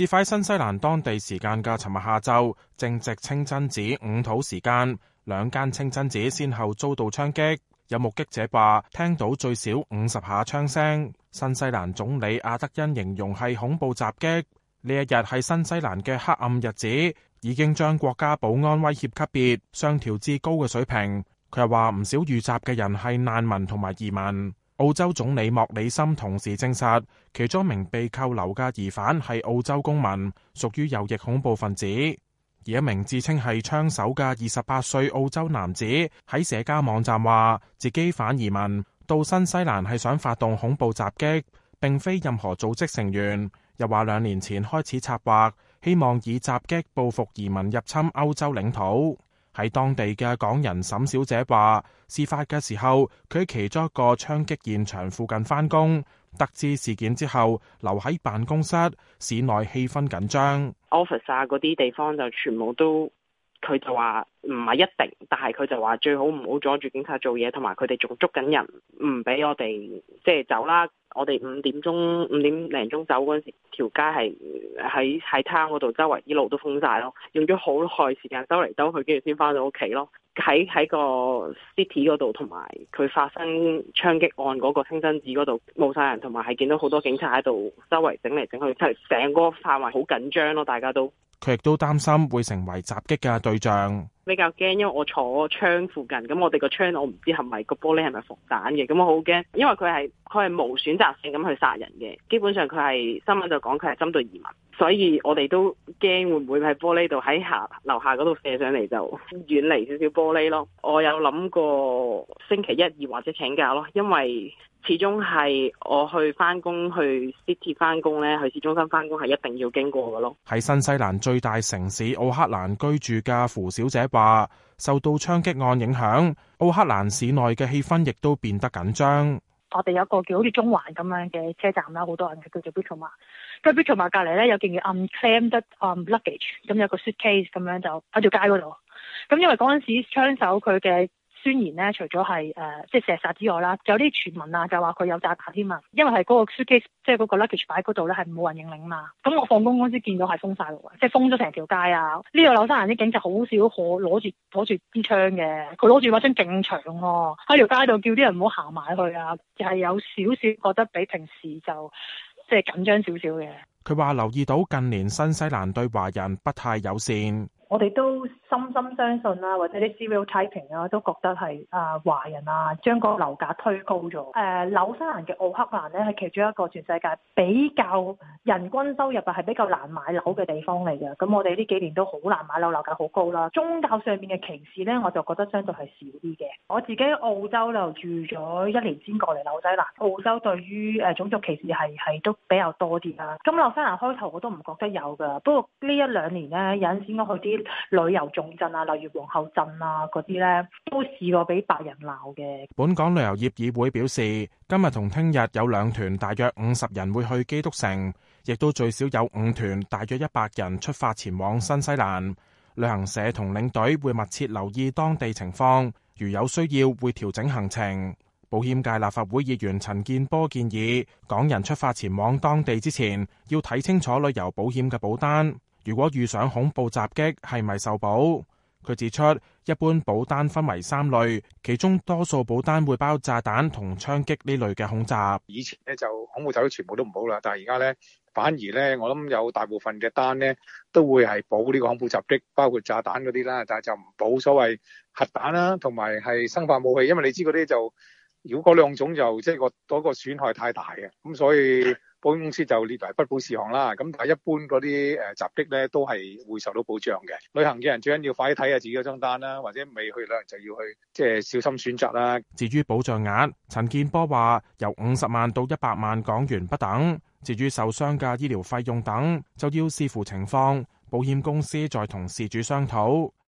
至快新西蘭當地時間嘅尋日下晝，正值清真寺午禱時間，兩間清真寺先後遭到槍擊。有目擊者話聽到最少五十下槍聲。新西蘭總理阿德恩形容係恐怖襲擊，呢一日係新西蘭嘅黑暗日子，已經將國家保安威脅級別上調至高嘅水平。佢又話唔少遇襲嘅人係難民同埋移民。澳洲總理莫里森同時證實，其中一名被扣留嘅疑犯係澳洲公民，屬於右翼恐怖分子。而一名自稱係槍手嘅二十八歲澳洲男子喺社交網站話，自己反移民，到新西蘭係想發動恐怖襲擊，並非任何組織成員。又話，兩年前開始策劃，希望以襲擊報復移民入侵歐洲領土。喺當地嘅港人沈小姐話，事發嘅時候佢其中一個槍擊現場附近翻工，得知事件之後留喺辦公室，市內氣氛緊張。office 啊啲地方就全部都，佢就話唔係一定，但係佢就話最好唔好阻住警察做嘢，同埋佢哋仲捉緊人，唔俾我哋即係走啦。我哋五點鐘，五點零鐘走嗰陣時，條街係喺喺攤嗰度，周圍啲路都封晒咯。用咗好耐時間走嚟走去，跟住先翻到屋企咯。喺喺個 city 嗰度，同埋佢發生槍擊案嗰個清真寺嗰度冇晒人，同埋係見到好多警察喺度周圍整嚟整去，即係成個範圍好緊張咯，大家都。佢亦都擔心會成為襲擊嘅對象，比較驚，因為我坐窗附近，咁我哋個窗我唔知係咪個玻璃係咪防彈嘅，咁我好驚，因為佢係佢係無選擇性咁去殺人嘅，基本上佢係新聞就講佢係針對移民。所以我哋都驚會唔會喺玻璃度喺下樓下嗰度射上嚟，就遠離少少玻璃咯。我有諗過星期一、二或者請假咯，因為始終係我去翻工去 City 翻工咧，去市中心翻工係一定要經過嘅咯。喺新西蘭最大城市奧克蘭居住嘅符小姐話，受到槍擊案影響，奧克蘭市內嘅氣氛亦都變得緊張。我哋有個叫好似中環咁樣嘅車站啦，好多人嘅叫做 b u c h m a 跟住 b u c h m a 隔離咧有件叫 Unclaimed、um, 得啊 Luggage 咁、嗯、有個 suitcase 咁樣就喺條、啊、街嗰度，咁、嗯、因為嗰陣時槍手佢嘅。宣言咧，除咗係誒即係射殺之外啦，有啲傳聞啊，就話佢有炸彈添嘛，因為係嗰個 suitcase 即係嗰個 luggage 擺嗰度咧，係冇人認領嘛。咁我放工公司見到係封晒路嘅，即係封咗成條街啊。呢個紐西蘭啲警察好少可攞住攞住支槍嘅，佢攞住把槍勁長咯，喺條街度叫啲人唔好行埋去啊。就係有少少覺得比平時就即係緊張少少嘅。佢話留意到近年新西蘭對華人不太友善。我哋都深深相信啦、啊，或者啲 stereotyping 啦、啊，都覺得係啊、呃、華人啊將個樓價推高咗。誒、呃、紐西蘭嘅奧克蘭咧係其中一個全世界比較人均收入啊係比較難買樓嘅地方嚟嘅。咁我哋呢幾年都好難買樓，樓價好高啦。宗教上面嘅歧視咧，我就覺得相對係少啲嘅。我自己澳洲就住咗一年先過嚟紐西蘭。澳洲對於誒、呃、種族歧視係係都比較多啲啦、啊。咁紐西蘭開頭我都唔覺得有噶，不過呢一兩年咧有陣時我去啲，旅遊重鎮啊，例如皇后鎮啊嗰啲呢，都試過俾白人鬧嘅。本港旅遊業議會表示，今日同聽日有兩團大約五十人會去基督城，亦都最少有五團大約一百人出發前往新西蘭。旅行社同領隊會密切留意當地情況，如有需要會調整行程。保險界立法會議員陳建波建議，港人出發前往當地之前，要睇清楚旅遊保險嘅保單。如果遇上恐怖襲擊係咪受保？佢指出，一般保單分為三類，其中多數保單會包炸彈同槍擊呢類嘅恐襲。以前咧就恐怖襲擊全部都唔保啦，但係而家咧反而咧，我諗有大部分嘅單咧都會係保呢個恐怖襲擊，包括炸彈嗰啲啦，但係就唔保所謂核彈啦、啊，同埋係生化武器，因為你知嗰啲就如果嗰兩種就即係、就是、個嗰個損害太大嘅，咁所以。保險公司就列為不保事項啦，咁但一般嗰啲誒襲擊咧都係會受到保障嘅。旅行嘅人最緊要快啲睇下自己嗰張單啦，或者未去旅行就要去即係、就是、小心選擇啦。至於保障額，陳建波話由五十萬到一百萬港元不等。至於受傷嘅醫療費用等，就要視乎情況，保險公司再同事主商討。